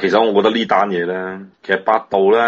其實我覺得呢單嘢咧，其實百度咧，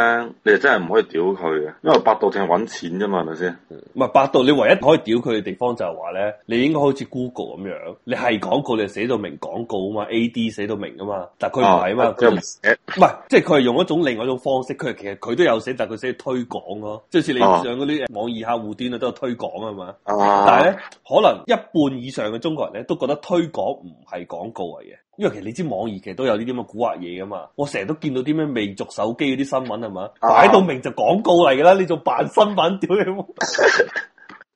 你真係唔可以屌佢嘅，因為百度淨係揾錢啫嘛，係咪先？唔係百度，你唯一可以屌佢嘅地方就係話咧，你應該好似 Google 咁樣，你係廣告，你就寫到明廣告啊嘛，AD 寫到明啊嘛，但佢唔係啊嘛，佢唔寫，唔係，即係佢係用一種另外一種方式，佢係其實佢都有寫，但佢寫推廣咯、啊，即係似你上嗰啲網易客戶端啊，都有推廣啊嘛。啊但係咧，可能一半以上嘅中國人咧，都覺得推廣唔係廣告嚟嘅。因為其實你知網易其實都有呢啲咁嘅蠱惑嘢噶嘛，我成日都見到啲咩魅族手機嗰啲新聞係嘛，uh huh. 擺到明就廣告嚟噶啦，你仲扮新聞屌你！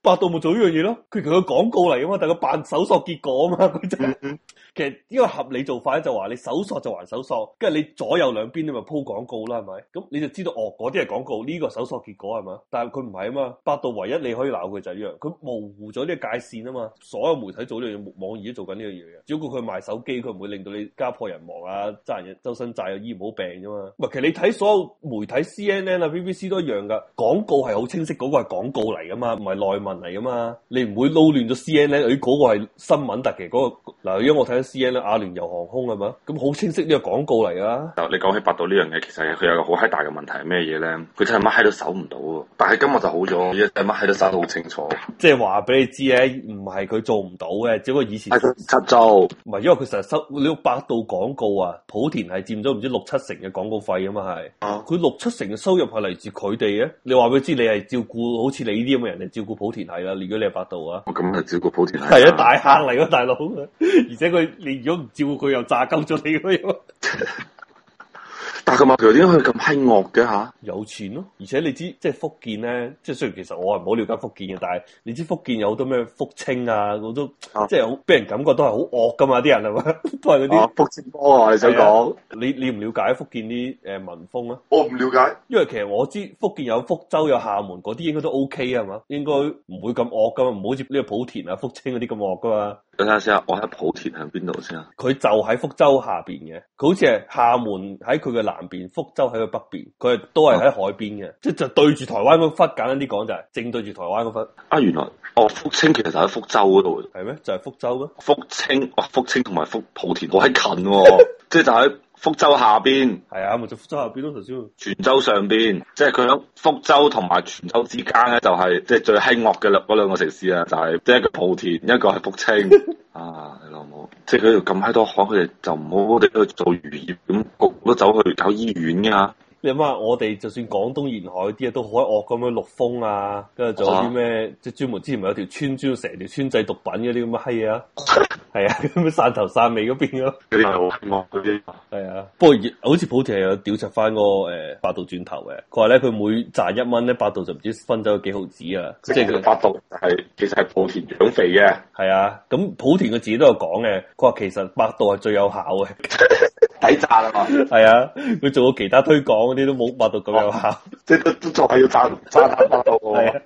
百度冇做呢樣嘢咯，佢佢個廣告嚟啊嘛，但係佢扮搜索結果啊嘛，佢就係其實呢個合理做法咧就話你搜索就還搜索，跟住你左右兩邊你咪鋪廣告啦，係咪？咁你就知道哦，嗰啲係廣告，呢、這個搜索結果係咪？但係佢唔係啊嘛，百度唯一你可以鬧佢就係呢樣，佢模糊咗呢個界線啊嘛。所有媒體做呢樣嘢，網媒都做緊呢樣嘢嘅，只不過佢賣手機，佢唔會令到你家破人亡啊，爭人周身債啊，醫唔好病啫嘛。其實你睇所有媒體，CNN 啊 BBC、啊、都一樣噶，廣告係好清晰，嗰、那個係廣告嚟啊嘛，唔係內文。嚟噶嘛？你唔會撈亂咗 C N N？嗰個係新聞特嘅嗰、嗰個嗱，如果我睇緊 C N N 阿聯酋航空係嘛？咁好清晰呢個廣告嚟㗎！你講起百度呢樣嘢，其實佢有個好閪大嘅問題係咩嘢咧？佢真係乜閪都搜唔到喎！但係今日就好咗，乜閪都搜得好清楚。即係話俾你知咧，唔係佢做唔到嘅，只不過以前實收唔係因為佢實收呢個百度廣告啊，莆田係佔咗唔知六七成嘅廣告費啊嘛，係啊，佢、嗯、六七成嘅收入係嚟自佢哋嘅。你話俾佢知，你係照顧好似你呢啲咁嘅人嚟照顧莆田。係啦，如果你係百度啊，我咁係照個莆田系啊，大客嚟咯，大佬，而且佢，你如果唔照佢，又炸金咗你了 但係佢媽佢點解佢咁兇惡嘅吓？啊、有錢咯、啊，而且你知即係福建咧，即係雖然其實我係唔好了解福建嘅，但係你知福建有好多咩福清啊，我都、啊、即係好俾人感覺都係好惡噶嘛，啲人係嘛，都係嗰啲福清，哥啊，你想講、啊？你了唔了解福建啲誒民風咧、啊？我唔了解，因為其實我知福建有福州有廈門嗰啲、OK，應該都 OK 啊嘛，應該唔會咁惡噶嘛，唔好似呢個莆田啊、福清嗰啲咁惡噶嘛。等下先啊，我喺莆田喺邊度先啊？佢就喺福州下邊嘅，佢好似係廈門喺佢嘅南南邊，福州喺個北邊，佢係都係喺海邊嘅，即係、啊、就對住台灣嗰忽，簡單啲講就係、是、正對住台灣嗰忽。啊，原來哦，福清其實就喺福州嗰度，係咩？就係、是、福州咯、哦。福清福，哇、哦，福清同埋福莆田好喺近，即係就喺、就。是福州下邊係啊，咪就是、福州下邊咯，頭先。泉州上邊，即係佢喺福州同埋泉州之間咧，就係即係最閪惡嘅兩嗰兩個城市啊，就係即係一個莆田，一個係福清。 啊，你老母，即係佢哋咁閪多海，佢哋就唔好我哋去做漁業，咁焗都走去搞醫院嘅。你諗下，我哋就算廣東沿海啲啊，都好惡咁樣陸豐啊，跟住做啲咩？即係專門之前咪有條村專成條村製毒品嗰啲咁嘅閪嘢啊！係啊，咁樣散頭散尾嗰邊咯，嗰啲係我啲係啊。不過好似莆田有調查翻個誒百度轉頭嘅，佢話咧，佢每賺一蚊咧，百度就唔知分咗幾毫子啊。即係百度係、那個，其實係莆田養肥嘅。係啊，咁莆田嘅自己都有講嘅。佢話其實百度係最有效嘅，抵賺啊嘛。係啊，佢做過其他推廣嗰啲都冇百度咁有效，即係都仲係要賺賺百度。係啊，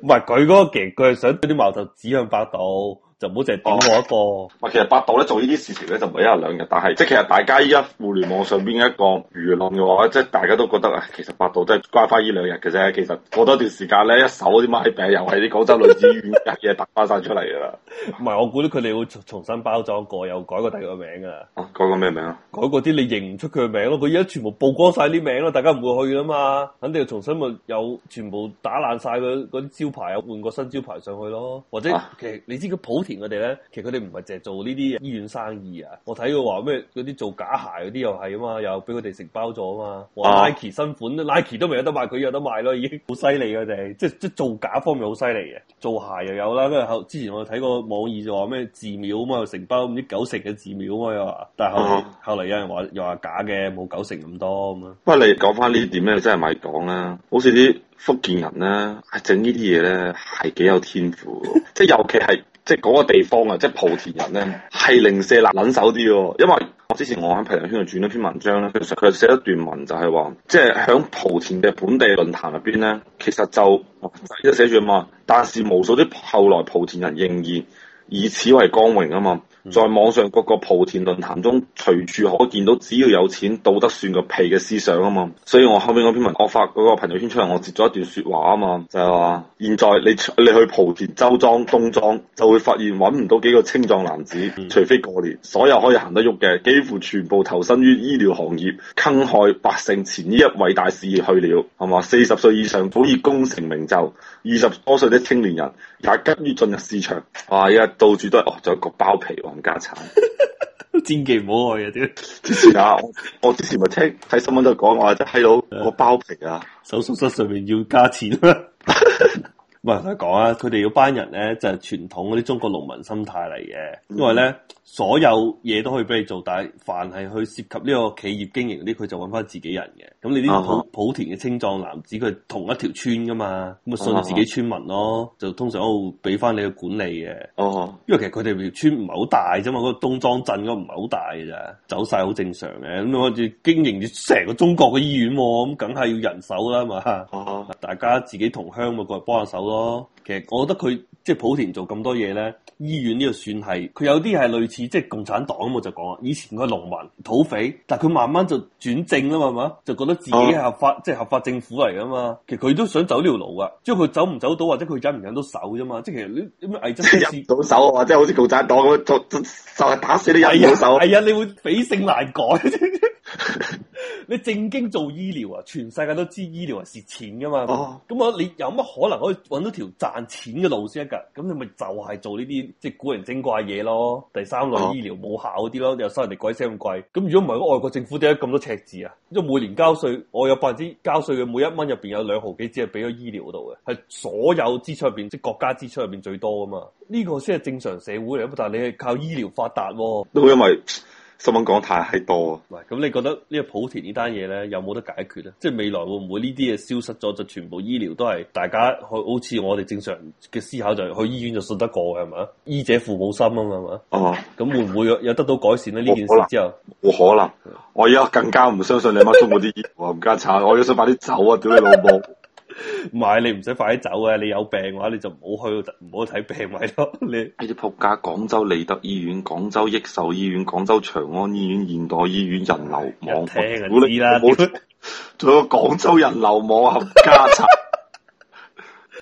唔係佢嗰個極，佢係想啲矛頭指向百度。就唔好淨係點我一個。唔、啊、其實百度咧做呢啲事情咧就唔係一日兩日，但係即係其實大家依家互聯網上邊一個輿論嘅話，即係大家都覺得啊，其實百度都係關翻呢兩日嘅啫。其實過多段時間咧，一手啲咩病又，又係啲廣州女子醫院嘅嘢打翻晒出嚟啦。唔係，我估啲佢哋會重新包裝過，又改個第二個名啊。改個咩名啊？改個啲你認唔出佢嘅名咯。佢而家全部曝光晒啲名咯，大家唔會去啊嘛。肯定要重新咪有全部打爛晒佢嗰啲招牌，換個新招牌上去咯。或者、啊、其實你知佢莆佢哋咧，其實佢哋唔係淨係做呢啲醫院生意啊。我睇佢話咩嗰啲做假鞋嗰啲又係啊嘛，又俾佢哋承包咗啊嘛。啊 Nike 新款 Nike 都未有得賣，佢有得賣咯，已經好犀利嘅。即係即係做假方面好犀利嘅，做鞋又有啦。跟住後之前我睇過網易就話咩寺廟啊嘛，又承包唔知九成嘅寺廟啊嘛，又話，但係後、啊、後嚟有人話又話假嘅，冇九成咁多咁啊。不過你講翻呢點咧，真係咪講啦？好似啲福建人咧，整呢啲嘢咧係幾有天賦，即係 尤其係。即係嗰個地方啊！即係莆田人咧，係零舍難揾手啲喎。因為我之前我喺朋友圈度轉咗篇文章咧，佢佢寫一段文就係話，即係喺莆田嘅本地論壇入邊咧，其實就就寫住啊嘛。但是無數啲後來莆田人仍然以此為光榮啊嘛。在網上各個莆田論壇中，隨處可見到只要有錢道德算個屁嘅思想啊嘛。所以我後面嗰篇文，我發嗰個朋友圈出嚟，我截咗一段說話啊嘛，就係話現在你你去莆田周莊東莊就會發現揾唔到幾個青壯男子，除非過年，所有可以行得喐嘅，幾乎全部投身於醫療行業坑害百姓前一偉大事業去了。係嘛？四十歲以上早已功成名就，二十多歲啲青年人也急於進入市場啊，依家到處都係哦，仲有個包皮啊家產，千祈唔好愛啊！啲 之前啊，我，我之前咪聽喺新聞度講話，就睇到我包皮啊， 手術室上面要加錢啦。唔係講啊，佢哋要班人咧，就係、是、傳統嗰啲中國農民心態嚟嘅，因為咧。嗯所有嘢都可以俾你做，但係凡係去涉及呢個企業經營啲，佢就揾翻自己人嘅。咁你呢個莆田嘅青壯男子，佢係同一條村噶嘛，咁啊信自己村民咯，啊啊、就通常都俾翻你去管理嘅。哦、啊，啊、因為其實佢哋條村唔係好大啫嘛，嗰、嗰個東莊鎮唔係好大嘅咋，走晒好正常嘅。咁我哋經營住成個中國嘅醫院，咁梗係要人手啦嘛。啊啊、大家自己同鄉咪過嚟幫下手咯。其實我覺得佢即係莆田做咁多嘢咧，醫院呢度算係佢有啲係類似即係共產黨咁，我就講啦，以前個農民土匪，但係佢慢慢就轉正啦嘛，就覺得自己係合法，即係合法政府嚟噶嘛。其實佢都想走呢條路啊，即係佢走唔走到，或者佢忍唔忍到手啫嘛。即係其實啲咩危機到手，啊？或者好似共產黨咁，就就係打死你，有唔到手。係啊，你會匪性難改。 你正經做醫療啊，全世界都知醫療係蝕錢噶嘛，咁我、啊、你有乜可能可以搵到條賺錢嘅路先得噶？咁你咪就係做呢啲即係古靈精怪嘢咯，第三類醫療冇效啲咯，又收人哋鬼死咁貴。咁如果唔係，外國政府點解咁多赤字啊？因為每年交稅，我有百分之交稅嘅每一蚊入邊有兩毫幾，只係俾咗醫療度嘅，係所有支出入邊即係國家支出入邊最多噶嘛？呢、這個先係正常社會嚟，但係你係靠醫療發達、啊，都因為。新聞講太係多，唔係，咁你覺得個普呢個莆田呢單嘢，咧有冇得解決咧？即係未來會唔會呢啲嘢消失咗，就全部醫療都係大家去，好似我哋正常嘅思考就係、去醫院就信得過嘅係嘛？醫者父母心啊嘛，哦，咁會唔會有得到改善咧呢件事之後？冇可能是我而家更加唔相信你媽中嗰啲醫療， 我更加慘，我要想快啲走啊，屌你老母！ 唔係你唔使快啲走啊。你有病嘅、啊、話你就唔好去，唔好睇病位、啊、咯。你喺隻扑街，廣州利德醫院、廣州益壽醫院、廣州長安醫院、現代醫院人流網，努力努力，仲有廣 州人流網合家賊。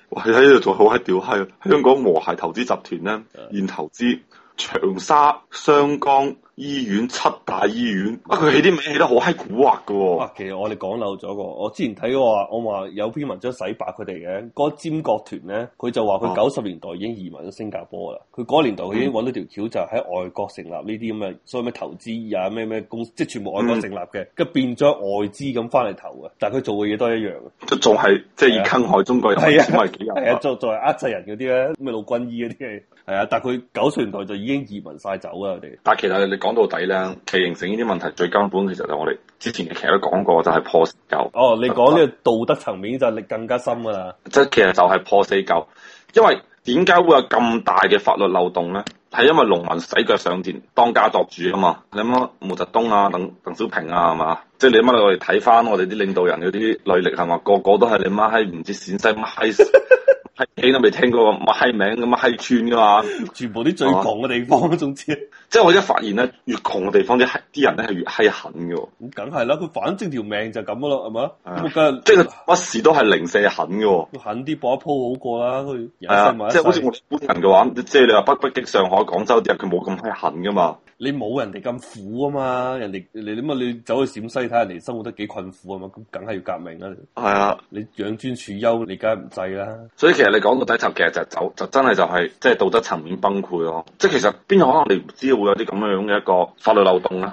哇！喺呢度仲好閪屌，係香港和諧投資集團咧，現投資長沙雙江。醫院七大醫院，啊佢起啲名起得好閪古惑噶喎、哦啊。其實我哋講漏咗個，我之前睇過話，我話有篇文章洗白佢哋嘅。嗰、那個、尖角團咧，佢就話佢九十年代已經移民咗新加坡啦。佢嗰年代佢已經搵到條橋，就喺外國成立呢啲咁嘅，嗯、所以咩投資啊咩咩公，即係全部外國成立嘅，跟變咗外資咁翻嚟投嘅。但係佢做嘅嘢都係一樣嘅，仲係即係要坑害中國人，係啊，啊，啊，啊，做做為呃制人嗰啲咧，咩老軍醫嗰啲嘅，係啊。但係佢九十年代就已經移民晒走啦，佢哋。但係其實你。講到底咧，其形成呢啲問題最根本，其實就我哋之前其實都講過，就係、是、破四舊。哦，你講呢個道德層面就係你更加深噶啦。即係其實就係破四舊，因為點解會有咁大嘅法律漏洞咧？係因為農民洗腳上田，當家作主啊嘛。你諗毛澤東啊，等鄧小平啊，係嘛？即、就、係、是、你諗吓我哋睇翻我哋啲領導人嗰啲履歷，係嘛？個個都係你媽閪唔知陝西乜 係你都未聽過個乜閪名咁乜閪串噶嘛？全部啲最窮嘅地方，總之，即係我一發現咧，越窮嘅地方啲啲人咧係越閪狠嘅。咁梗係啦，佢反正條命就咁咯，係嘛？咁即係乜事都係零舍狠嘅。狠啲搏一鋪好過啦。佢，係咪？即係好似我本人嘅話，即係你話北北極、上海、廣州啲人，佢冇咁閪狠噶嘛。你冇人哋咁苦啊嘛，人哋你點啊？你走去陝西睇下，人哋生活得幾困苦啊嘛，咁梗係要革命啦。係啊，你養尊處優，你梗係唔制啦。所以其實你講到底頭其實就走，就真係就係即係道德層面崩潰咯。即係其實邊個可能你唔知道會有啲咁樣樣嘅一個法律漏洞咧？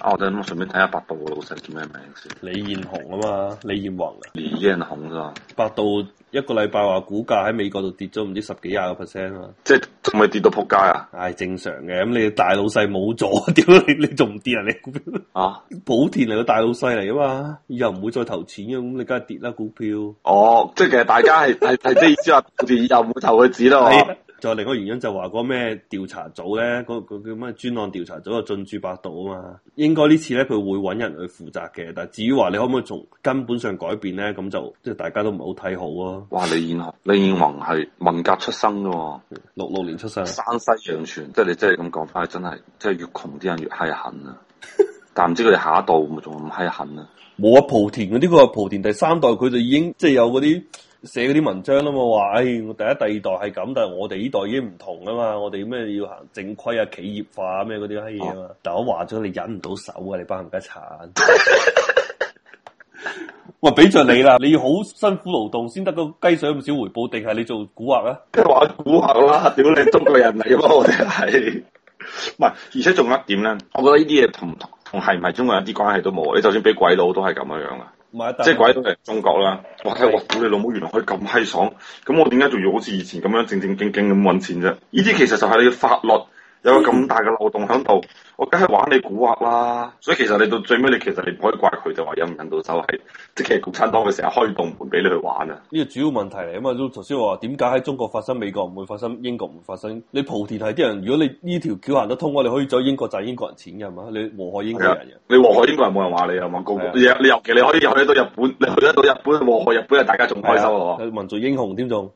啊，我等我順便睇下百度嘅老細叫咩名先。李彥宏啊嘛，李彥宏。李彥宏啊嘛。百度。一個禮拜話股價喺美國度跌咗唔知十幾廿個 percent 啊，即係仲未跌到仆街啊？唉，正常嘅，咁你大老細冇咗，點解你你仲唔跌啊？你股票啊？莆田係個大老細嚟啊嘛，又唔會再投錢嘅，咁你梗係跌啦股票。哦，即係其實大家係系係即係意思話，莆田又唔會投佢紙啦嘛。再另外個原因，就話嗰個咩調查組咧，嗰、那個叫咩專案調查組啊，進駐百度啊嘛。應該次呢次咧，佢會揾人去負責嘅。但係至於話你可唔可以從根本上改變咧，咁就即係大家都唔係好睇好咯。哇！李彥宏，李彥宏係文革出身嘅喎，六六年出世，山西陽泉。即、就、係、是、你真係咁講翻，真係即係越窮啲人越係恨啊！ 但唔知佢哋下一代咪仲咁係恨啊？冇啊！莆田嗰啲個莆田第三代，佢就已經即係、就是、有嗰啲。寫嗰啲文章啦嘛，話誒我第一第二代係咁，但係我哋呢代已經唔同啦嘛，我哋咩要行正規啊企業化啊咩嗰啲閪嘢啊嘛，啊但我話咗你忍唔到手啊，你班人家慘，我俾著你啦，你要好辛苦勞動先得個雞水咁少回報，定係你做蠱惑啊？即係話蠱惑啦，屌你中國人嚟嘅。 我哋係，唔係，而且仲一點咧，我覺得呢啲嘢同同係唔係中國人一啲關係都冇，你就算俾鬼佬都係咁樣樣噶。即係鬼都嚟中國啦！哇，的哇！哇！你老母原來可以咁閪爽，咁我點解仲要好似以前咁樣正正經經咁揾錢啫？呢啲其實就係你嘅法律有個咁大嘅漏洞響度。嗯我梗係玩你蠱惑啦，所以其實你到最尾你其實你唔可以怪佢就話唔人到手係，即係其實共產黨佢成日開動門俾你去玩啊！呢個主要問題嚟，啊嘛，頭先我話點解喺中國發生，美國唔會，會發生，英國唔會發生？你莆田系啲人，如果你呢條橋行得通，我哋可以走英國賺英國人錢㗎嘛？你禍害英國人嘅，你禍害英國人冇人話你係咪高？你的尤其你可以去得到日本，你去得到日本禍害日本啊，大家仲開心喎！民族英雄添仲，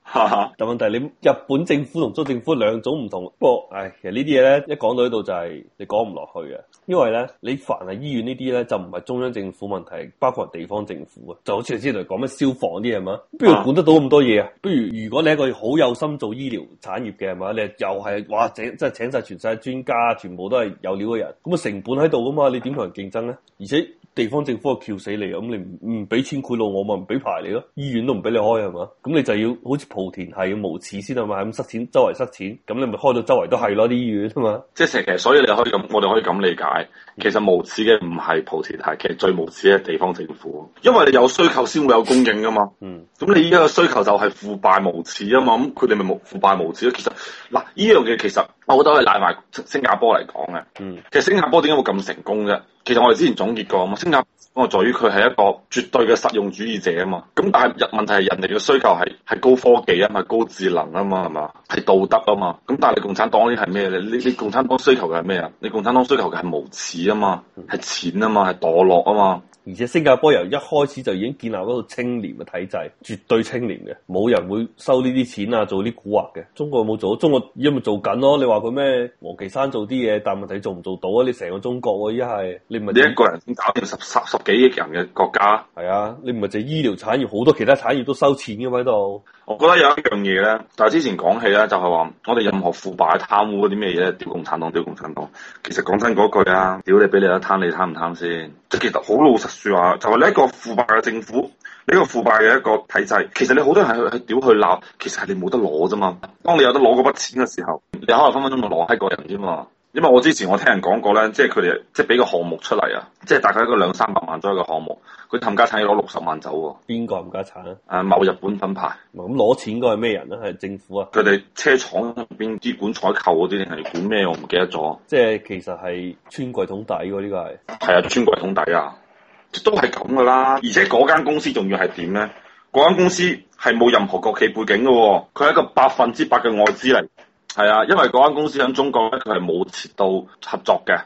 但問題你日本政府同中政府兩種唔同，不過誒，其實呢啲嘢咧一講到呢度就係、是、你講、就是。你講落去啊！因為咧，你凡係醫院呢啲咧，就唔係中央政府問題，包括地方政府啊， 就好似你之前講咩消防啲嘢嘛，不如管得到咁多嘢啊？不如如果你一個好有心做醫療產業嘅係嘛，你又係話，請即係請晒全世界專家，全部都係有料嘅人，咁啊成本喺度啊嘛，你點同人競爭咧？而且。地方政府係撬死你，咁你唔唔俾錢賄賂我，咪唔俾牌你咯，醫院都唔俾你開，係嘛，咁你就要好似莆田系要無恥先，係嘛，咁塞錢，周圍塞錢，咁你咪開到周圍都係咯，啲醫院啊嘛，即係成，其實所以你可以咁，我哋可以咁理解，其實無恥嘅唔係莆田系，其實最無恥嘅地方政府，因為你有需求先會有供應噶嘛，嗯，咁你依家嘅需求就係腐敗無恥啊嘛，咁佢哋咪無腐敗無恥咯，其實嗱，呢樣嘢其實。我覺得可以攬埋新加坡嚟講嘅，其實新加坡點解會咁成功啫？其實我哋之前總結過啊嘛，新加坡在於佢係一個絕對嘅實用主義者啊嘛。咁但係入問題係人哋嘅需求係係高科技啊嘛，高智能啊嘛係嘛，係道德啊嘛。咁但係你共產黨啲係咩咧？你你共產黨需求嘅係咩啊？你共產黨需求嘅係無恥啊嘛，係錢啊嘛，係墮落啊嘛。而且新加坡由一開始就已經建立嗰個清廉嘅體制，絕對清廉嘅，冇人會收呢啲錢啊，做啲蠱惑嘅。中國有冇做？中國而家咪做緊、啊、咯。你話佢咩？王岐山做啲嘢，但問題做唔做到啊？你成個中國而家係，你唔係一個人搞掂十十十幾億人嘅國家，係啊？你唔係淨係醫療產業，好多其他產業都收錢嘅嘛喺度。我覺得有一樣嘢咧，就係之前講起咧，就係話我哋任何腐敗、貪污嗰啲咩嘢咧，屌共產黨，屌共產黨。其實講真嗰句啊，屌你俾你一攤，你貪唔貪先？即係其實好老實説話，就係你一個腐敗嘅政府，你一個腐敗嘅一個體制，其實你好多人係去屌去鬧，其實係你冇得攞啫嘛。當你有得攞嗰筆錢嘅時候，你可能分分鐘就攞喺個人啫嘛。因為我之前我聽人講過咧，即係佢哋即係俾個項目出嚟啊，即係大概一個兩三百萬左右嘅項目，佢冚家鏟要攞六十萬走喎。邊個冚家鏟咧？啊，某日本品牌。咁攞錢都係咩人咧？係政府啊？佢哋車廠入邊主管採購嗰啲定係管咩？我唔記得咗。即係其實係穿櫃桶底噶呢個係。係啊，穿櫃桶底啊，都係咁噶啦。而且嗰間公司仲要係點咧？嗰間公司係冇任何國企背景噶啊，佢係一個百分之百嘅外資嚟。係啊，因為嗰間公司喺中國咧，佢係冇設到合作嘅，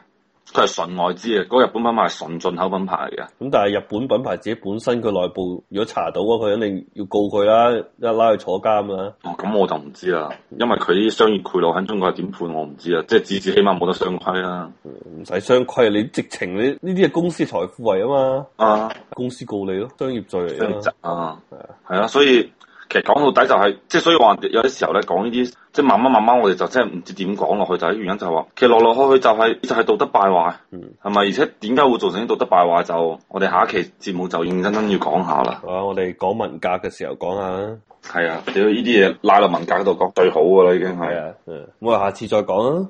佢係純外資嘅，嗰、嗰個日本品牌係純進口品牌嚟嘅。咁但係日本品牌自己本身佢內部如果查到啊，佢肯定要告佢啦，一拉去坐監啊。咁、哦、我就唔知啦，因為佢啲商業賄賂喺中國係點判我唔知至至至啊，即係至少起碼冇得雙規啊，唔使雙規啊。你直情你呢啲係公司財富位啊嘛。啊，公司告你咯，商業罪嚟啊。啊，係啊，所以。其實講到底就係，即係所以話，有啲時候咧講呢啲，即係慢慢慢慢，我哋就真係唔知點講落去，就係啲原因就係話，其實落落去去就係就係道德敗壞，係咪，嗯？而且點解會造成啲道德敗壞？就我哋下一期節目就認真真要講下啦。啊，我哋講文革嘅時候講下啦。係啊，屌呢啲嘢拉到文革嗰度講最好噶啦，已經係。嗯，okay, uh, 我哋下次再講啦。